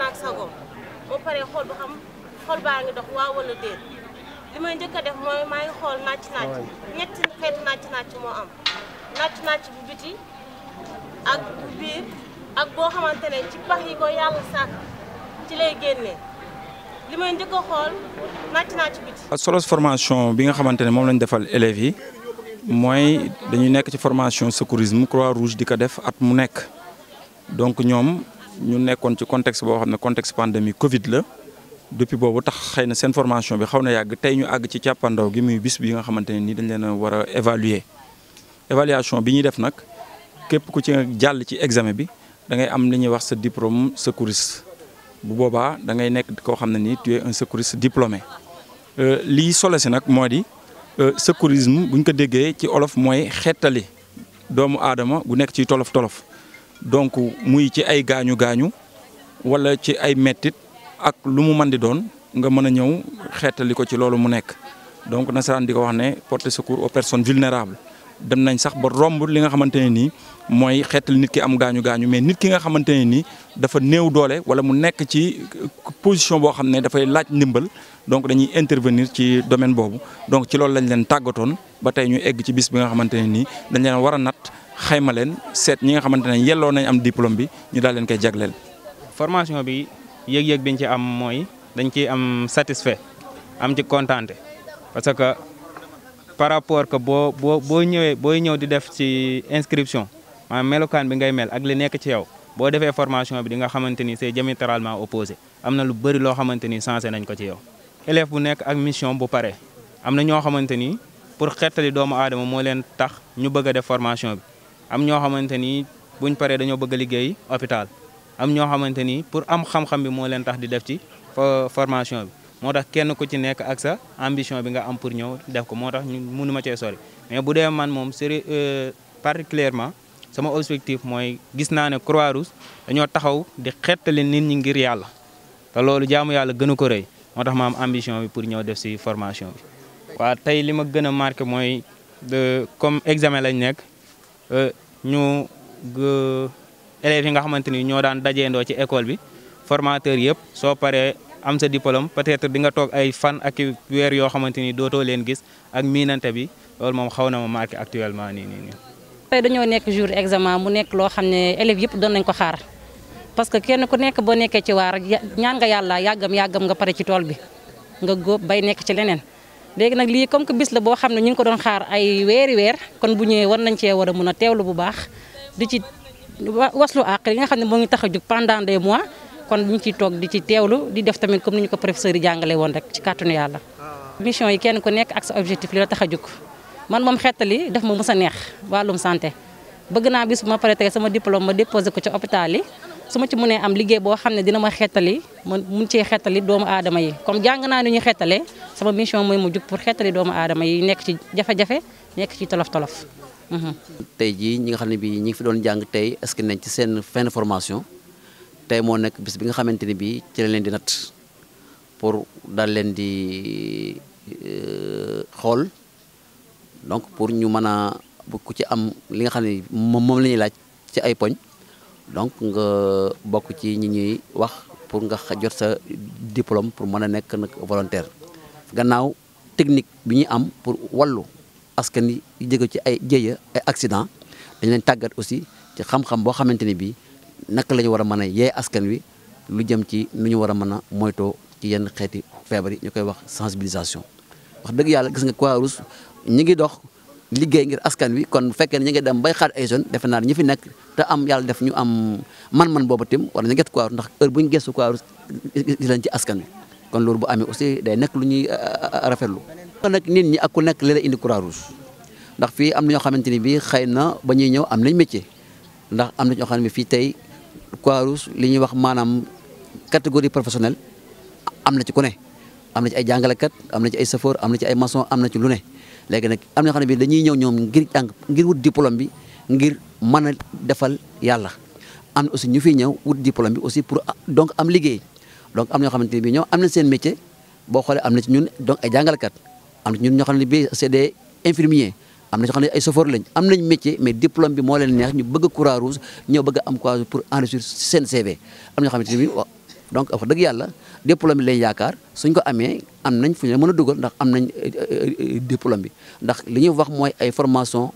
naag sagoom boo paree xool ba xam xool baa ngi dox waaw wala déet li may njëkk def mooy maa xool nàcc nàcc ñetti xeetu moo am nàcc nàcc biti ak biir ak boo xamante ci pax yi ko yàlla sàkk ci lay génnee li may njëkk xool nàcc nàcc biti. solos formation bi nga xamante ne moom lañ defal élèves mooy dañu nekk ci formation secourisme Croix-Rouge di ko def at mu nekk donc ñoom. ñu nekkoon ci contexte boo xam ne contexte pandémie Covid la depuis boobu tax xëy na seen formation bi xaw na yàgg tey ñu àgg ci càppandaw gi muy bis bi nga xamante ne nii dañ leen a war a évaluer évaluation bi ñuy def nag képp ku ci jàll ci examen bi da ngay am li ñuy wax sa diplôme secouriste bu boobaa da ngay nekk koo xam ne nii tu es un secouriste diplômé euh, lii solo si nag moo di euh, secourisme buñ ko déggee ci olof mooy xettali doomu aadama bu nekk ci tolof tolof. donc muy ci ay gaañu gaañu wala ci ay mettit ak lu mu mën di doon nga mën a ñëw xeetali ko ci loolu mu nekk donc nasaraan di ko wax ne porté secours aux personnes vulnérables dem nañ sax ba romb li nga xamante ne nii mooy xeetali nit ki am gaañu gaañu mais nit ki nga xamante ne nii dafa néew doole wala mu nekk ci position boo xam ne dafay laaj ndimbal donc dañuy intervenir ci domaine boobu donc ci loolu lañ leen tàggatoon ba tey ñu egg ci bis bi nga xamante ne nii dañ war a nat xayma leen seet ñi nga xamante ne yelloo nañ am diplôme bi ñu daal leen koy jagleel. formation bi yëg-yëg biñ ci am mooy dañ ciy am satisfait am ci kontaante parce que par rapport que boo boo boo ñëwee booy ñëw di def ci inscription maanaam melokaan bi ngay mel ak li nekk ci yow boo defee formation bi di nga xamante ni c'est diamétralement opposé am na lu bëri loo xamante ni sensé nañ ko ci yow. élève bu nekk ak mission bu pare am na ñoo xamante ni pour xettali doomu aadama moo leen tax ñu bëgg a def formation bi. am ñoo xamante ni buñ paree dañoo bëgg a liggéey hôpital am ñoo xamante ni pour am xam-xam bi moo leen tax di def ci formation bi moo tax kenn ku ci nekk ak sa ambition bi nga am pour ñëw def ko moo tax ñu mënuma cee sori mais bu dee man moom seri euh, particulièrement sama objectif mooy gis naa ne croix dañoo taxaw di xettali nit ñi ngir yàlla te loolu jaamu yàlla gënu ko rëy moo tax ma am ambition bi pour ñëw def si formation bi. waa tey li ma gën a marqué mooy comme examen lañ nekk. Euh, ñu élèves yi nga xamante ni ñoo daan dajeendoo ci école bi formateur yëpp soo paree am sa diplôme peut-être di nga toog ay fan ak weer yoo xamante ni dootoo leen gis ak miinante bi loolu moom xaw na ma marqué actuellement nii nii nii. tey dañoo nekk jour examen mu nekk loo xam ne élèves yëpp doon nañ ko xaar parce que kenn ku nekk boo nekkee ci waar ñaan nga yàlla yàggam yàggam nga pare ci tool bi nga góob bay nekk ci leneen. léegi nag lii comme que bis la boo xam ne ñu ngi ko doon xaar ay weeri weer kon bu ñëwee war nañ cee war a mën a teewlu bu baax di ci waslu àq li nga xam ne moo ngi tax a jug pendant mois kon ñu ciy toog di ci teewlu di def tamit comme ni ñu ko professeur yi jàngale woon rek ci kàttanu yàlla mission yi kenn ku nekk ak sa objectif li la tax a jug man moom xettali def ma mës a neex wàllum santé bëgg naa bis bu ma pare tey sama diplôme ma déposé ko ci hôpital yi su ma ci mënee am liggéey boo xam ne dina ma xetali man mun cee xettali doomu aadama yi comme jàng naa ni ñu sama mission mooy mu jug pour xettali doomu adama yi nekk ci jafe-jafe nekk ci tolof-tolof. Mhm. tey jii ñi nga xam ne bii ñi ngi fi doon jàng tey est-ce que nañ ci seen fin de formation tey moo nekk bis bi nga xamante ne bii ci la leen di natt pour daal leen di euh, xool donc pour ñu mën a ku ci am li nga xam ne moom la ñuy laaj ci ay poñ. donc nga bokk ci ñi ñuy wax pour nga jot sa diplôme pour mën a nekk nag volontaire gannaaw technique bi ñuy am pour wallu askan wi jóge ci ay jéeya ay accident dañ leen tàggat aussi ci xam-xam boo xamante ni bii naka la ñu war a mën a yee askan wi lu jëm ci nu ñu war a mën a moytoo ci yenn xeeti feebar yi ñu koy wax sensibilisation wax dëgg yàlla gis nga Croix-Rouge ñi ngi dox. liggéey ngir askan wi kon bu fekkee ne ñu ngi dem bay xaar ay jeunes defe naa ñi fi nekk te am yàlla def ñu am man-man boobu tim wala ñu gëstu Croix-Rouge ndax heure bu ñu gëstu Croix-Rouge gis lañ ci askan wi kon loolu bu amee aussi day nekk lu ñuy euh, rafetlu. nag nit ñi ak ku nekk li indi Croix-Rouge ndax fii am na ñoo xamante ni bii xëy na ba ñuy ñëw am nañ métier ndax am na ñoo xam ne fii tey Croix-Rouge li ñuy wax maanaam catégorie professionnelle am na ci ku ne am na ay jàngalekat am na ci ay chauffeur am na ci ay maçon am na ci lu ne. léegi nag am na xam ne bi dañuy ñëw ñoom ngir jàng ngir wut diplôme bi ngir mën a defal yàlla am na aussi ñu fiy ñëw wut diplôme bi aussi pour donc am liggéey donc am na ñoo xamante ne bi ñoom am na seen métier boo xoolee am na ci ñun donc ay jàngalkat am ñun ñoo xam ne bi c'est des infirmiers am na ñoo ay chauffeur lañ am nañ métier mais diplôme bi moo leen neex ñu bëgg Croix-Rouge ñoo bëgg am Croix-Rouge pour enrichir seen CV am na ñoo xamante ne bi donc wax dëgg yàlla diplôme bi lañ yaakaar suñ ko amee am nañ fu ñu mën a dugal ndax am nañ eh, eh, eh, diplôme bi ndax li ñuy wax mooy ay formation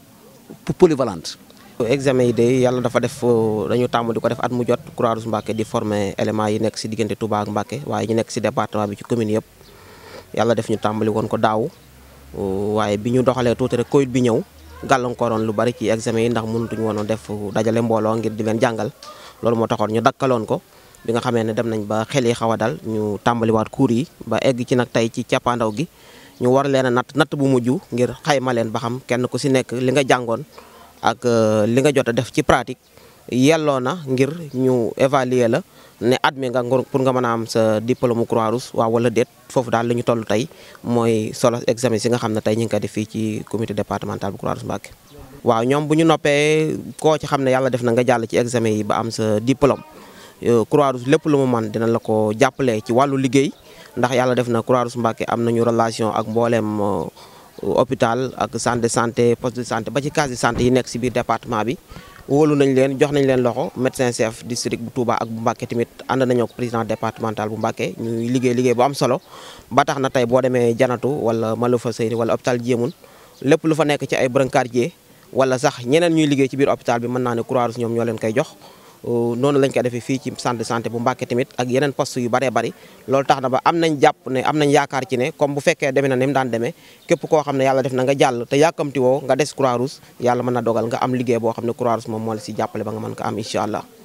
polyvalente examen yi day yàlla dafa def euh, dañu tàmm di ko def at mu jot Croix-Rouge di forme éléments yi nekk si diggante Touba ak Mbacké waaye ñu nekk si département bi ci commune yëpp yàlla def ñu tàmbali woon ko daaw euh, waaye bi ñu doxalee tuuti rek Covid bi ñëw gàllankooroon lu bari ci examen yi ndax mënatuñu woon a def dajale mbooloo ngir di leen jàngal loolu moo taxoon ñu dakkaloon ko bi nga xamee ne dem nañ ba xel yi xaw a dal ñu tàmbaliwaat cours yi ba egg ci nag tey ci cappaandaw gi ñu war leen a natt natt bu mujj ngir xayma leen ba xam kenn ku si nekk li nga jàngoon ak euh, li nga jot a def ci pratique yelloo na ngir ñu évaluer la ne admis nga pour nga mën a am sa diplôme croix rouge wala déet foofu daal la ñu toll tey mooy solo examen si nga xam ne tey ñu ngi ci comité départemental bu croix rouge Mbacké waaw ñoom bu ñu noppee koo ci xam ne yàlla def na nga jàll ci examen yi ba am sa diplôme Euh, Croix-Rouge lépp lu mu man dina la ko jàppale ci wàllu liggéey ndax yàlla def na Croix-Rouge Mbacké am nañu relation ak mbooleem euh, hôpital ak centre de santé poste de santé ba ci case de santé yi nekk si biir département bi wóolu nañ leen jox nañ leen loxo médecin chef district bu Touba ak bu Mbacké tamit ànd nañoo ak président départemental bu Mbacké ñuy liggéey liggéey bu am solo ba tax na tey boo demee Janatu wala Maloufa Seyni wala hôpital Diemoun lépp lu fa nekk ci ay brancardier wala sax ñeneen ñuy liggéey ci biir hôpital bi mën naa ne croix ñoom ñoo leen koy jox Euh, noonu lañ ko defee fii ci centre de santé bu Mbàkke ak yeneen poste yu bëree bari loolu tax na ba am nañ jàpp ne am nañ yaakaar ci ne comme bu fekkee demee na ni mu daan demee képp koo xam ne yàlla def na nga jàll te yàkkamti woo nga des Croix-Rouge yàlla mën na dogal nga am liggéey boo xam ne croix moom moo la si jàppale ba nga mën ko am incha allah